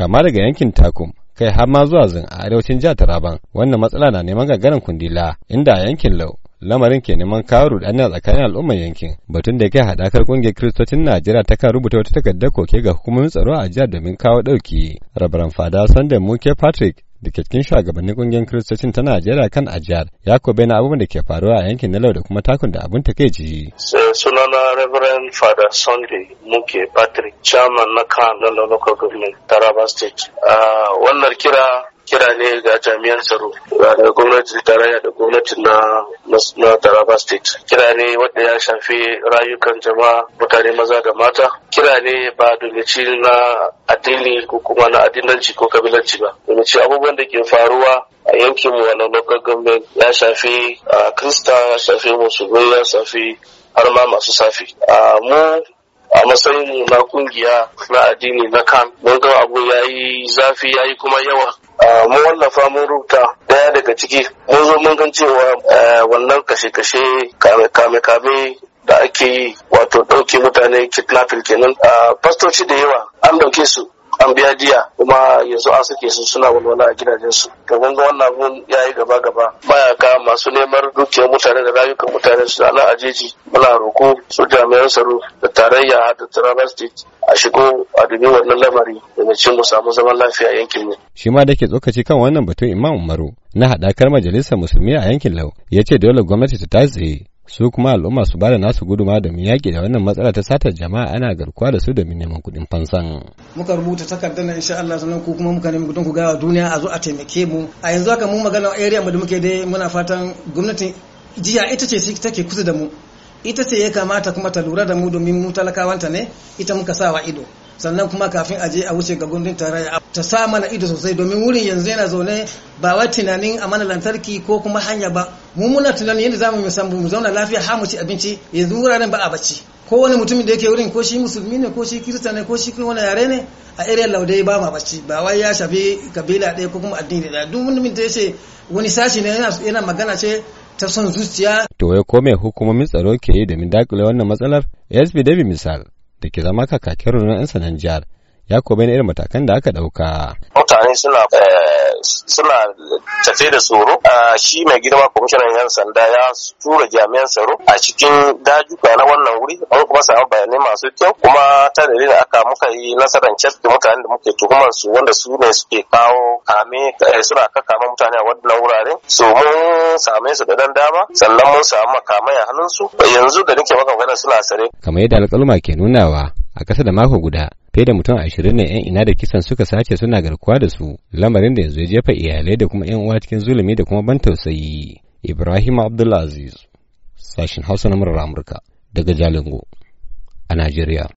kama daga yankin takum kai har ma zuwa zin a arewacin jihar Taraban wannan matsala na neman gagarin kundila inda a yankin lau lamarin ke neman kawo rudani a tsakanin al'umman yankin batun da kai hadakar ƙungiyar kiristocin najeriya ta kan rubuta wata takardar koke ga hukumomin tsaro a jihar domin kawo ɗauki rabaran fada sunday muke patrick da ke shugabannin kungiyar kiristocin ta najeriya kan ajiyar ya ko na abubuwan da ke faruwa a yankin nalau da kuma takun da abun ta kai ji. sunana reverend father sunday muke patrick chairman na kan na local taraba state ah, wannan kira kira ne ga jami'an tsaro da gwamnatin tarayya da gwamnatin na Taraba State. Kira ne wanda ya shafi rayukan jama'a mutane maza da mata. Kira ne ba domici na addini ko kuma na addinanci ko kabilanci ba. Domici abubuwan da ke faruwa a yankin mu na local government ya shafi krista ya shafi musulmi ya shafi har ma masu safi. Mu a matsayin na kungiya na addini na kan mun ga abu ya yi zafi ya yi kuma yawa Ah, mun wallafa mun rubuta daya daga ciki mun zo mun gan cewa eh, wannan kashe-kashe kame-kame da ake yi wato ɗauke mutane kidnapping kenan a ah, fastoci da yawa an ɗauke su an biya jiya, kuma yanzu an suke su suna walwala a gidajensu su kun ga wannan abun ya yi gaba gaba mayaka masu neman dukiyar mutane da rayukan mutane su ala ajeji muna roko su jami'an tsaro da tarayya da taraba state a shigo a dubi wannan lamari da cikin mu samu zaman lafiya a yankin mu shi ma da ke tsokaci kan wannan batun imam umaru na haɗakar majalisar musulmi a yankin lau ya ce dole gwamnati ta tsaye su kuma al'umma su bada nasu guduma domin yaƙi da wannan matsala ta satar jama'a ana garkuwa da su da domin neman kuɗin fansan. Muka rubuta takardar na insha Allah sannan ku kuma muka nemi gudun ku gawa duniya a zo a taimake mu. A yanzu haka mu magana area mu da muke dai muna fatan gwamnatin jiya ita ce take kusa da mu. Ita ce ya kamata kuma ta lura da mu domin mu talakawanta ne ita muka sawa ido. sannan kuma kafin a je a wuce ga gundun tarayya ta sa mana ido sosai domin wurin yanzu yana zaune ba wai tunanin a mana lantarki ko kuma hanya ba mu muna tunanin yadda za mu samu mu zauna lafiya har mu ci abinci yanzu wuraren ba a bacci ko wani mutumin da yake wurin ko shi musulmi ne ko shi kirista ne ko shi wani yare ne a area laude ba ma bacci ba wai ya shafi kabila ɗaya ko kuma addini ɗaya duk mutumin da ce wani sashi ne yana magana ce ta son zuciya to ko mai hukumomin tsaro ke yi domin dakile wannan matsalar sb misal da ke zama kakakin rundunar 'yan sanan jihar ya ko bayan irin matakan da aka dauka mutane suna eh, suna tafe da tsoro a shi mai girma kwamishinan yan sanda ya tura jami'an tsaro a cikin dajuka na wannan wuri an kuma samu bayanai masu kyau kuma ta da aka muka yi nasarar da mutanen da muke tuhumar su wanda su ne suke kawo kame eh, suna kakama mutane a wannan wuraren so mun same su da dan dama sannan mun samu makamai a hannunsu yanzu da nake maka suna sare kamar yadda alƙaluma ke nunawa a ƙasa da mako guda fiye da mutum ashirin ne 'yan ina da kisan suka sace suna garkuwa da su lamarin da yanzu ya jefa iyalai da kuma 'yan uwa cikin zulumi da kuma ban tausayi ibrahim abdulaziz sashen hausa na murar amurka daga jalingo a najeriya